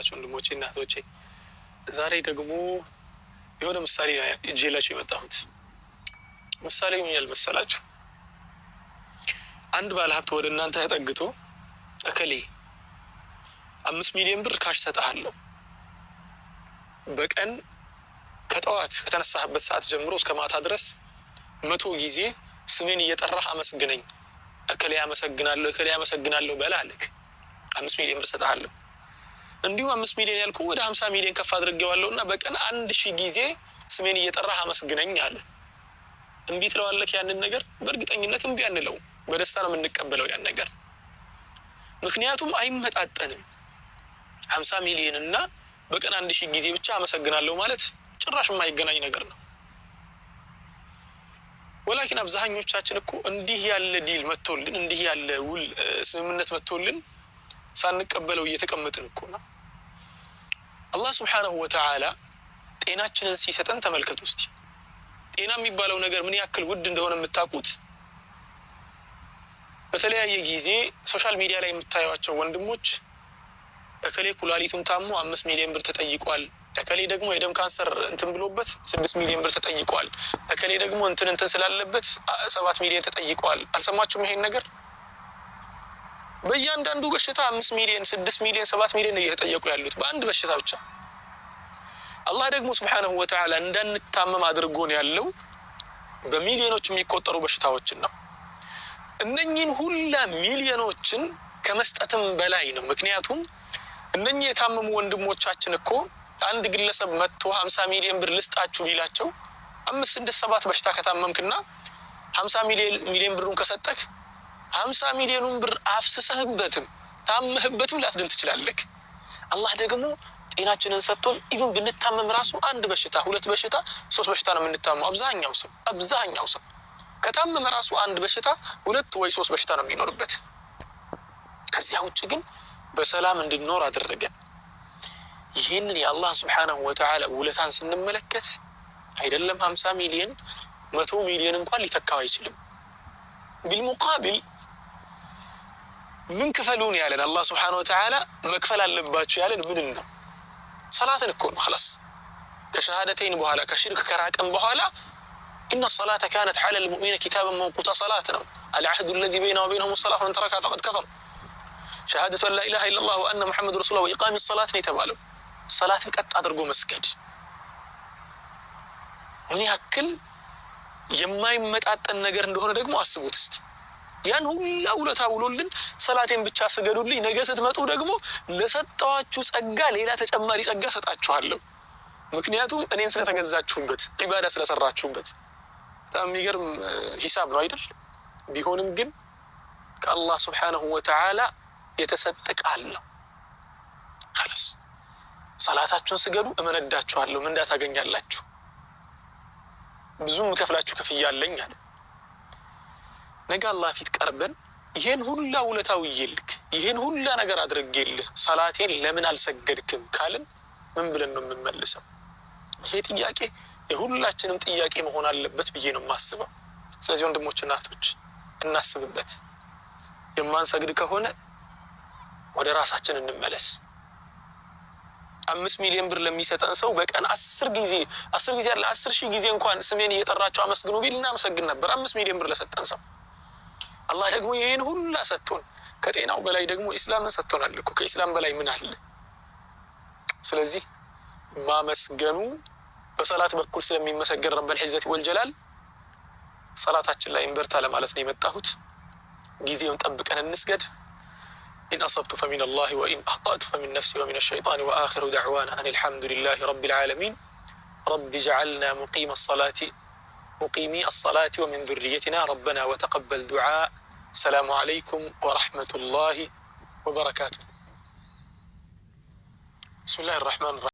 የተከበራችሁ ወንድሞቼ እናቶቼ፣ ዛሬ ደግሞ የሆነ ምሳሌ ይዤላችሁ የመጣሁት ምሳሌ ምን ያልመሰላችሁ፣ አንድ ባለሀብት ወደ እናንተ ተጠግቶ እከሌ አምስት ሚሊዮን ብር ካሽ ሰጠሃለሁ በቀን ከጠዋት ከተነሳህበት ሰዓት ጀምሮ እስከ ማታ ድረስ መቶ ጊዜ ስሜን እየጠራህ አመስግነኝ፣ እከሌ አመሰግናለሁ፣ እከሌ አመሰግናለሁ በላ አለክ። አምስት ሚሊዮን ብር ሰጠሃለሁ እንዲሁም አምስት ሚሊዮን ያልኩ ወደ ሀምሳ ሚሊዮን ከፍ አድርጌዋለሁ እና በቀን አንድ ሺህ ጊዜ ስሜን እየጠራህ አመስግነኝ አለ። እምቢ ትለዋለህ ያንን ነገር? በእርግጠኝነት እምቢ አንለው፣ በደስታ ነው የምንቀበለው ያን ነገር። ምክንያቱም አይመጣጠንም። ሀምሳ ሚሊዮን እና በቀን አንድ ሺህ ጊዜ ብቻ አመሰግናለሁ ማለት ጭራሽ የማይገናኝ ነገር ነው። ወላኪን አብዛኞቻችን እኮ እንዲህ ያለ ዲል መጥቶልን እንዲህ ያለ ውል ስምምነት መጥቶልን ሳንቀበለው እየተቀመጥን እኮና አላህ ስብሓነሁ ወተዓላ ጤናችንን ሲሰጠን ተመልከቱ እስቲ። ጤና የሚባለው ነገር ምን ያክል ውድ እንደሆነ የምታውቁት በተለያየ ጊዜ ሶሻል ሚዲያ ላይ የምታዩቸው ወንድሞች እከሌ ኩላሊቱን ታሞ አምስት ሚሊዮን ብር ተጠይቋል፣ እከሌ ደግሞ የደም ካንሰር እንትን ብሎበት ስድስት ሚሊዮን ብር ተጠይቋል፣ እከሌ ደግሞ እንትን እንትን ስላለበት ሰባት ሚሊዮን ተጠይቋል። አልሰማችሁም ይሄን ነገር? በእያንዳንዱ በሽታ አምስት ሚሊዮን ስድስት ሚሊዮን ሰባት ሚሊዮን እየተጠየቁ ያሉት በአንድ በሽታ ብቻ። አላህ ደግሞ ስብሓነሁ ወተዓላ እንዳንታመም አድርጎን ያለው በሚሊዮኖች የሚቆጠሩ በሽታዎችን ነው። እነኚህን ሁላ ሚሊዮኖችን ከመስጠትም በላይ ነው። ምክንያቱም እነኚህ የታመሙ ወንድሞቻችን እኮ አንድ ግለሰብ መጥቶ ሀምሳ ሚሊዮን ብር ልስጣችሁ ቢላቸው አምስት ስድስት ሰባት በሽታ ከታመምክና ሀምሳ ሚሊዮን ብሩን ከሰጠክ ሀምሳ ሚሊዮኑን ብር አፍስሰህበትም ታመህበትም ላትድን ትችላለህ። አላህ ደግሞ ጤናችንን ሰጥቶን ኢቭን ብንታመም ራሱ አንድ በሽታ ሁለት በሽታ ሶስት በሽታ ነው የምንታመው። አብዛኛው ሰው አብዛኛው ሰው ከታመመ ራሱ አንድ በሽታ ሁለት ወይ ሶስት በሽታ ነው የሚኖርበት። ከዚያ ውጭ ግን በሰላም እንድንኖር አደረገን። ይህንን የአላህ ስብሓነሁ ወተዓላ ውለታን ስንመለከት አይደለም ሀምሳ ሚሊዮን መቶ ሚሊዮን እንኳን ሊተካው አይችልም። ቢልሙቃቢል ምን ክፈሉን ያለን አላህ ስብሓን ወተዓላ መክፈል አለባችሁ ያለን ምንን ነው? ሰላትን እኮ ነው። ኸላስ ከሸሃደተይን በኋላ ከሽርክ ከራቀም በኋላ ኢነ ሰላተ ካነት ዐለ ልሙእሚነ ኪታብን መውቁታ ሰላት ነው። አልዓህዱ ለዚ በይና ወበይነሁም ሰላት መን ተረካ ፈቀድ ከፈር። ሸሃደቱ አን ላኢላሃ ኢለላህ ወአነ ሙሐመድ ረሱላ ወኢቃሚ ሰላት ነው የተባለው። ሰላትን ቀጥ አድርጎ መስገድ ምን ያክል የማይመጣጠን ነገር እንደሆነ ደግሞ አስቡት እስቲ። ያን ሁላ ውለታ ውሎልን ሰላቴን ብቻ ስገዱልኝ፣ ነገ ስትመጡ ደግሞ ለሰጠዋችሁ ጸጋ ሌላ ተጨማሪ ጸጋ ሰጣችኋለሁ። ምክንያቱም እኔን ስለተገዛችሁበት፣ ዒባዳ ስለሰራችሁበት። በጣም የሚገርም ሂሳብ ነው አይደል? ቢሆንም ግን ከአላህ ስብሓነሁ ወተዓላ የተሰጠ ቃል ነው። ሰላታችሁን ስገዱ እመነዳችኋለሁ፣ ምንዳ ታገኛላችሁ፣ ብዙም ከፍላችሁ ክፍያ አለኝ አለ። ነገ አላህ ፊት ቀርበን ይህን ሁላ ውለታ ውዬልህ ይህን ሁላ ነገር አድርጌልህ ሰላቴን ለምን አልሰገድክም ካልን ምን ብለን ነው የምንመልሰው? ይሄ ጥያቄ የሁላችንም ጥያቄ መሆን አለበት ብዬ ነው የማስበው። ስለዚህ ወንድሞችና እህቶች እናስብበት። የማንሰግድ ከሆነ ወደ ራሳችን እንመለስ። አምስት ሚሊዮን ብር ለሚሰጠን ሰው በቀን አስር ጊዜ አስር ጊዜ አለ አስር ሺህ ጊዜ እንኳን ስሜን እየጠራቸው አመስግኑ ቢል እናመሰግን ነበር። አምስት ሚሊዮን ብር ለሰጠን ሰው አላህ ደግሞ ይህን ሁላ ሰጥቶን ከጤናው በላይ ደግሞ ኢስላምን ሰጥቶናል እኮ። ከኢስላም በላይ ምን አለ? ስለዚህ ማመስገኑ በሰላት በኩል ስለሚመሰገን ረበል ሒዘት ወልጀላል ሰላታችን ላይ እንበርታ ለማለት ነው የመጣሁት። ጊዜውን ጠብቀን እንስገድ። ኢን አሰብቱ ፈሚን አላህ ወኢን አህጣቱ ፈሚን ነፍሲ ወሚን ሸይጣን ወአኪሩ ዳዕዋና አን አልሐምዱሊላህ ረቢል ዓለሚን ረቢ ጀዓልና ሙቂመ ሰላቲ مقيمي الصلاة ومن ذريتنا ربنا وتقبل دعاء السلام عليكم ورحمة الله وبركاته بسم الله الرحمن الرحيم